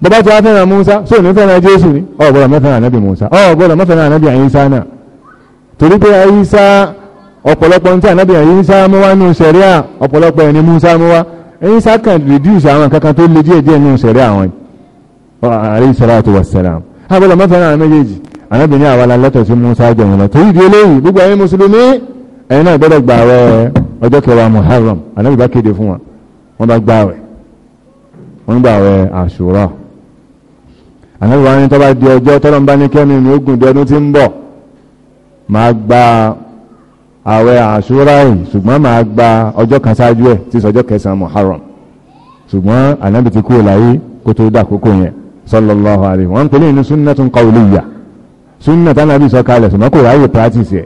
bàbá tí wàá fẹ́ràn musa sọ ní fẹ́ràn jésù ni ọ̀ gbọ́dọ̀ mẹ́fẹ́ràn ànábì musa ọ̀ gbọ́dọ̀ mẹ́fẹ́ràn ànábì àyínsá náà torí pé àyínsá ọ̀pọ̀lọpọ̀ ní tí ànábì àyínsá mú wá nù sẹ̀ríà ọ̀pọ̀lọpọ̀ ẹni musa mú wá àyínsá kàn reduce àwọn kankan tó le díẹ̀ díẹ̀ nù sẹ̀ríà wọn alayhi salatu wassalam àbọ̀dọ̀ anábìnrin àwọn alẹ́tọ̀ sí musa jẹ̀yìn lọ torí ìdí eléyìí gbogbo ẹ̀yin mùsùlùmí ẹ̀yin náà gbọ́dọ̀ gbà rẹ ọjọ́ kẹwàá muharram anábì bá kéde fún wọn wọ́n bá gbà rẹ̀ wọ́n gbà rẹ̀ àṣùrà anábì wọn ni tó bá di ọjọ́ tọ́lọ́ ń bá ní kẹ́mi mi ogun di ọdún tí ń bọ̀ máa gba àwẹ̀ àṣùrà yìí ṣùgbọ́n máa gba ọjọ́ kan ṣáájú ẹ̀ tí sọjọ́ kẹsàn-án muharram ṣùgbọ́n anábì ti kúrò láyé kó tó dà kókó yẹn sallallahu alaihi wọn pẹ̀lú ìní sunnatun qawliyya sunna tánàbí sọ̀kalẹ̀ ṣùgbọ́n kò ráyè practice ẹ̀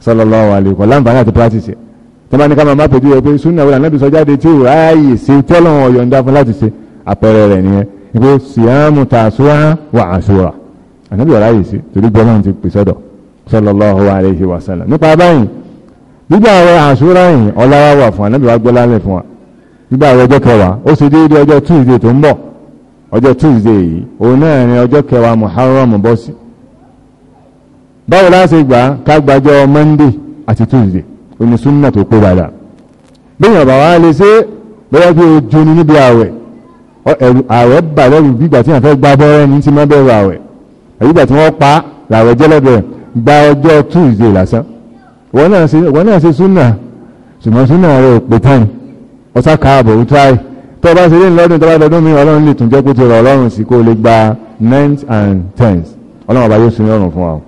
sallallahu alaihi wa sallam láǹfààní àti practice ẹ̀ tó bá ní ká máa má pèjú rẹ pé sunna wọlé ànábì sọ jáde tí ò ráyè ṣe tọ́lọ́wọ̀n ọ̀yọ̀ǹda fún láti ṣe àpẹẹrẹ rẹ̀ nìyẹn ìpè siyamu tasura wa asura ànábì ráyè ṣe torí gbọ́dọ̀ ti pè sọ́dọ̀ sallallahu alaihi wa sallam nípa báyìí gbígbà àwọn àṣúra yìí ọlára wà fún ànábì wa gbọ́lá lẹ̀ fún wa gbígbà àwọn ọjọ́ kẹwàá ó ṣe déédéé ọjọ́ Tuesday tó ń bọ̀ ọjọ́ Tuesday yìí òun náà ni ọjọ́ kẹwàá Muharram bọ́ sí báwo la ṣe gbà ká gbàjọ monday àti tuesday oní súnà tó pé padà bíyàn bá wá lè ṣe bóyá bí ojú ni níbi ààwẹ̀ ààwẹ̀ bà lẹ́rù gbígbà tí wọ́n fẹ́ gbá bọ́ọ̀rẹ́ ní ti má bẹ̀rù ààwẹ̀ àyígbà tí wọ́n pa làwẹ̀ jẹ́lẹ́bẹ̀ gba ọjọ́ tuesday lásán wọ́n náà ṣe súnà ṣùgbọ́n súnà rẹ̀ ò pé tán ọ̀sá káàbọ̀ ó tráì tó bá ṣe lé lọ́dún tó bá dọdún mi ọlọ́run lè tún jẹ́ kó ti rọ̀ ọlọ́run sí kó lè gba ninth and tenth ọlọ́run ọba yóò sun ọrùn fún wa o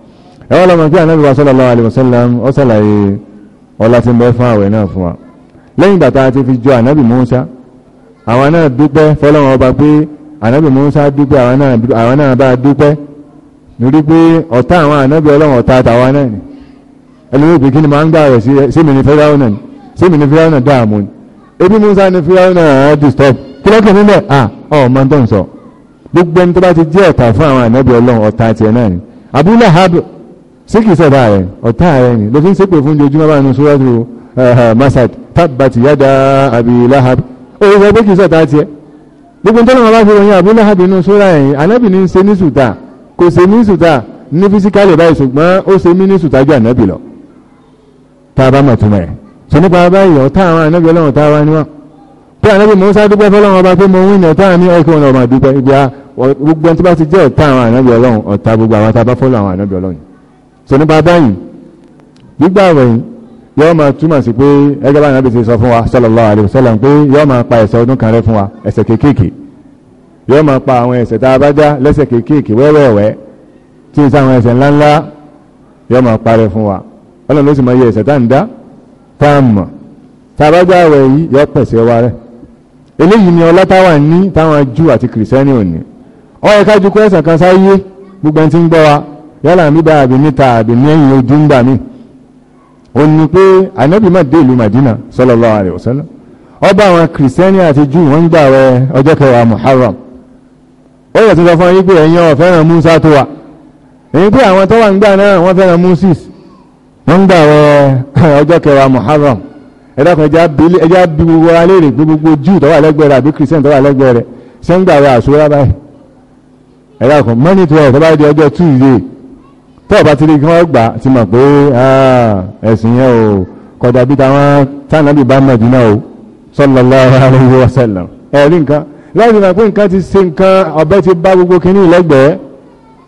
ẹwọ́n lọ́mọ kí ànábì wa sallallahu alaihi wasallam ó sàlàyé ọlá tí ń bẹ fún àwẹ̀ náà fún wa lẹ́yìn bàtà ti fi jọ ànábì Mùsá àwọn náà dúpẹ́ fọ́lọ́wọ́n ọba pé ànábì Mùsá dúpẹ́ àwọn náà bá dúpẹ́ nítorí pé ọ̀tá àwọn ànábì ọlọ́run ọ̀tá àtàwọn náà ni ẹlẹ́yìn òpin kí ni máa ń gbà rẹ̀ sími ní fẹ́ráwọ̀ náà sími ní fẹ́ráwọ̀ náà dáàmú ni ebi Mùsá ní fẹ́ráwọ̀ náà disturb kí sí kìí sọ̀dá rẹ̀ ọ̀tá rẹ̀ ni ló fi ń ṣépè fún ojoojúmọ́ bá nínú suratu masad tabbat yada abi lahab òun sọ pé kìí sọ̀dá tiẹ̀ gbogbo ń tọ́lọ́mọ bá fi ròyìn abi lahab nínú sura ẹ̀yìn anábì ní ṣe ní sùtà kò ṣe ní sùtà ní fisikálì báyìí ṣùgbọ́n ó ṣe mí ní sùtà ju ànábì lọ tá a bá mọ̀ túmọ̀ ẹ̀ sọ nípa báyìí ọ̀tá àwọn ànábì ọlọ́run tá a wá níwọ̀n pé ànábì Mùsá dúpẹ́ fọlọ́run ọba pé mo wí ní ọ̀tá mi ọkọ̀ ọ̀nà ọ̀mà dúpẹ́ ibi gbogbo ẹni tó bá ti jẹ́ ọ̀tá àwọn ànábì ọlọ́run ọ̀tá gbogbo àwọn tá a bá fọlọ́ àwọn ànábì ọlọ́run so nípa báyìí gbígbà wẹ̀yìn yọ́ máa túmọ̀ sí pé ẹgbẹ́ báyìí náà bí ti sọ fún wa sallallahu alaihi wasallam pé yọ́ máa pa ẹ̀ṣẹ̀ ọdún kan rẹ́ fún wa ẹ̀ṣẹ̀ kéékèèké yọ́ máa pa àwọn ẹ̀ṣẹ̀ tá a bá dá lẹ́ṣẹ̀ kéékèèké wẹ́wẹ́wẹ́ tí ń sáwọn ẹ̀ṣẹ̀ ńláńlá yọ́ máa parẹ́ fún wa ọlọ́run ló sì máa yẹ ẹ̀ṣẹ̀ tá ń dá tá a mọ̀ tá a bá dá àwẹ̀ yìí yọ́ pẹ̀sẹ̀ wa rẹ́ eléyìí ni ọlá táwa ní táwọn Júù àti kìrìsẹ́nì òní ọ̀rẹ́ kájú kó ẹ̀ṣẹ̀ kan sáyé gbogbo ẹni tí ń gbọ́ wa yálà níbà àbí níta àbí ní ẹ̀yìn ojú ń gbà mí ó ní pé ànábì má dé ìlú Madina sallallahu alaihi wasallam ọba àwọn kìrìsìtẹ́nì àti júù wọ́n ń gbà wẹ̀ ọjọ́ kẹwàá Muharram ó yẹ tó sọ fún yín pé ẹ̀yin ò fẹ́ràn Musa tó wà èyí pé àwọn tó wà ń gbà náà wọ́n fẹ́ràn Moses wọ́n ń gbà wẹ̀ ọjọ́ kẹwàá Muharram ẹ̀dàkùn ẹja bí gbogbo alérè pé gbogbo júù tó wà lẹ́gbẹ̀ẹ́ rẹ̀ àbí kìrìsìtẹ́nì tó wà lẹ́gbẹ̀ẹ́ rẹ̀ ṣé ń gbà wẹ̀ àṣúrà tó ọ̀bá ti rí kí wọ́n gbà ti mọ̀ pé ah, ẹ̀sìn yẹn o kọjá bí táwọn tánàbí bá Mẹdínà o sallallahu alaihi wasallam ẹ̀rí nǹkan láti mọ̀ pé nǹkan ti ṣe nǹkan ọ̀bẹ ti bá gbogbo kínní ìlẹ́gbẹ̀ẹ́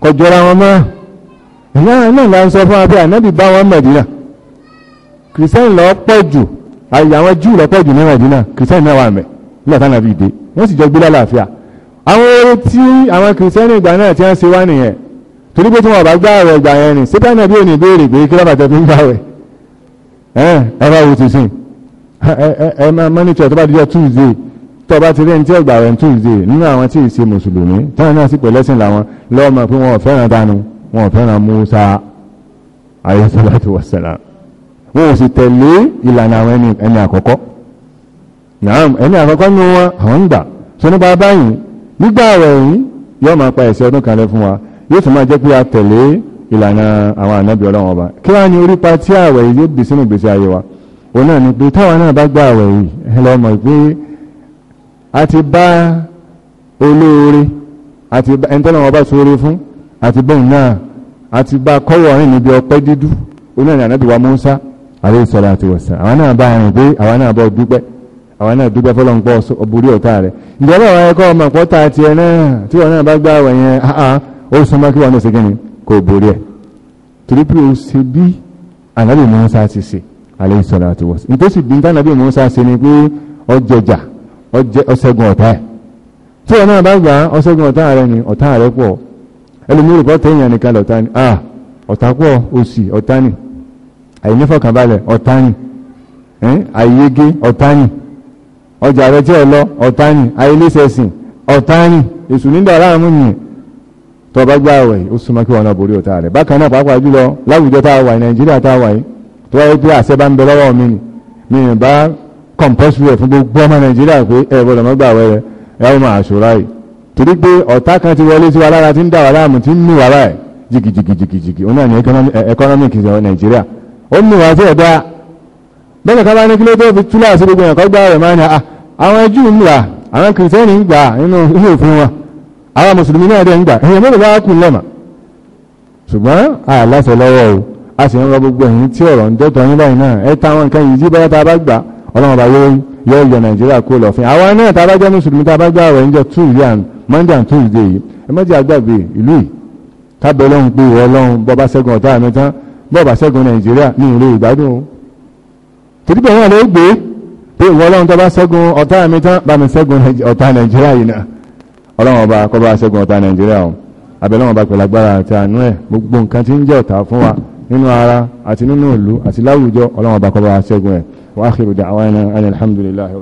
kọjọra wọn mọ́ ìyá náà la ń sọ fún wa pé ànábì bá wọn Mẹdínà kìrìsẹ́nì lọ pọ̀ jù àwọn júù lọ pọ̀ jù ní Mẹdínà kìrìsẹ́nì náà wà mẹ́ nígbà tánàbí dé wọ́n sì jọ gbé lálàáfíà àwọn eré tí àwọn kìrìsẹ́nì ìgbà náà ti ń ṣe wá nìyẹn torí pé tí wọn bá gbá rẹ̀ gbà yẹn ni sítánì àbí òní ìbéèrè pé kí lọ́bàtẹ́ fi ń gbà rẹ̀ ẹ bá wo ti sìn ẹ máa mọ́nítọ̀ tó bá dijọ́ tuesday tó bá ti rí ẹni tí ọgbà rẹ̀ tuesday nínú àwọn tí ì ṣe mùsùlùmí táwọn náà sì pẹ̀lẹ́ sìn làwọn lọ́mọ pé wọn ò fẹ́ràn dánú wọn ò fẹ́ràn musa alayhi salatu wassalam wọn ò sì tẹ̀lé ìlànà àwọn ẹni àkọ́kọ́ ẹni àkọ́kọ́ Ni wọn àwọn ń gbà sọ nípa báyìí nígbà rẹ̀ yìí yóò máa pa ẹ̀sẹ̀ ọdún kan lẹ́ fún wa yóò tún máa jẹ́ pé a tẹ̀lé ìlànà àwọn ànábì ọlọ́run ọba kí wá ní orípa tí àwẹ̀ yìí yóò bì sínú ìgbésí ayé wa òun náà ni pé táwa náà bá gba àwẹ̀ yìí ẹ lọ mọ̀ pé a ti bá olóore àti ẹni tọ́lọ́run ọba sóore fún àti bóun náà àti bá kọ́wọ́ rìn níbi ọpẹ́ dídú òun náà ni ànábì wa Mùsá alayhi salatu wassalam àwọn náà bá rìn pé àwọn náà bọ́ dúpẹ́ àwọn náà dúpẹ́ fọ́lọ́n pọ̀ borí ọ̀tá rẹ̀ ìjọba àwọn ẹ̀kọ́ ọmọ pọ́ta tiẹ̀ náà tí wọn náà bá gbá àwẹ̀ yẹn ó súnmọ́ kí wọ́n ní ṣẹ́gẹ́ni kò borí ẹ̀ torí pé ó ṣe bí anábì Mùsá ti ṣe alayhi salatu wa sallam nítòsí bí anábì Mùsá ṣe ni pé ọjọjà ọṣẹ́gun ọ̀tá ẹ̀ tí ọ̀nà bá gbà ọṣẹ́gun ọ̀tá rẹ̀ ni ọ̀tá rẹ̀ pọ̀ ẹlòmíràn kọ́ tẹ̀yìn àníkalẹ̀ ọ̀tá ni ah ọ̀tá pọ̀ òsì ọ̀tá ni àìnífọ̀kànbalẹ̀ ọ̀tá ni àìyege ọ̀tá ni ọjà rẹ̀ tí ẹ lọ ọ̀tá ni àìlẹ́sẹ̀sìn ọ̀tá ni èṣù nígbà láàmú yìí tó bá gbá àwẹ̀ ó súnmọ́ kí wọn náà borí ọ̀tá rẹ̀ bákan náà pàápàá jùlọ láwùjọ tá a wà nàìjíríà tá a wà yìí tó wáyé pé àṣẹ bá ń bẹ lọ́wọ́ mi ni mi ì bá compulsory rẹ̀ fún gbogbo ọmọ nàìjíríà pé ẹ gbọ́dọ̀ mọ́ gbà wẹ̀ rẹ̀ ẹ ó máa ṣòra yìí torí pé ọ̀tá kan ti wọlé sí wa lára tí ń dà wá láàmú tí ń mú wa láì jìgìjìgìjìgìjì òun náà ní economic eh, nàìjíríà ó mú wa sí ẹ̀dá bẹ́ẹ̀ ká bá ní kí ló tó fi túláàsì gbogbo ẹ̀kọ́ gbá rẹ̀ máa ní ah, àwọn ẹjú ń gbà àwọn kìrìtẹ́nì ń gbà nínú òfin wọn àwọn mùsùlùmí náà rẹ̀ ń gbà èèyàn mẹ́rin wá kù lọ́nà ṣùgbọ́n àláṣẹ lọ́wọ́ o a sì ń rọ gbogbo ẹ̀yìn tí ọ̀rọ̀ ń dẹ́tọ̀ yín báyìí náà ẹ táwọn nǹkan yìí jí báyá tá a bá gbà ọlọ́run yóò yọ nàìjíríà kó lọ àwa náà tá bá jẹ́ mùsùlùmí tá bá gbà rẹ̀ tuesday and monday and tuesday yìí ẹ má jẹ́ àgbàgbé ìlú yìí kábẹ́ ọlọ́run pé ìwọ ọlọ́run bọ́ba ṣẹ́gun ọ̀tá mi tán bọ́ba ṣẹ́gun nàìjíríà ní ìlú ìgbádùn o torí bẹ́ẹ̀ náà ló gbé pé ìwọ ọlọ́run ọba kọ́ba ṣẹ́gun ọ̀tá nàìjíríà ọ̀hún abẹ́lọ́run ọba pẹ̀lú agbára àti àánú ẹ̀ gbogbo nǹkan tí ń jẹ́ ọ̀tá fún wa nínú ara àti nínú ìlú àti láwùjọ ọlọ́run ọba kọ́ba ṣẹ́gun ẹ̀ wa akhiru da'wana alhamdulillahi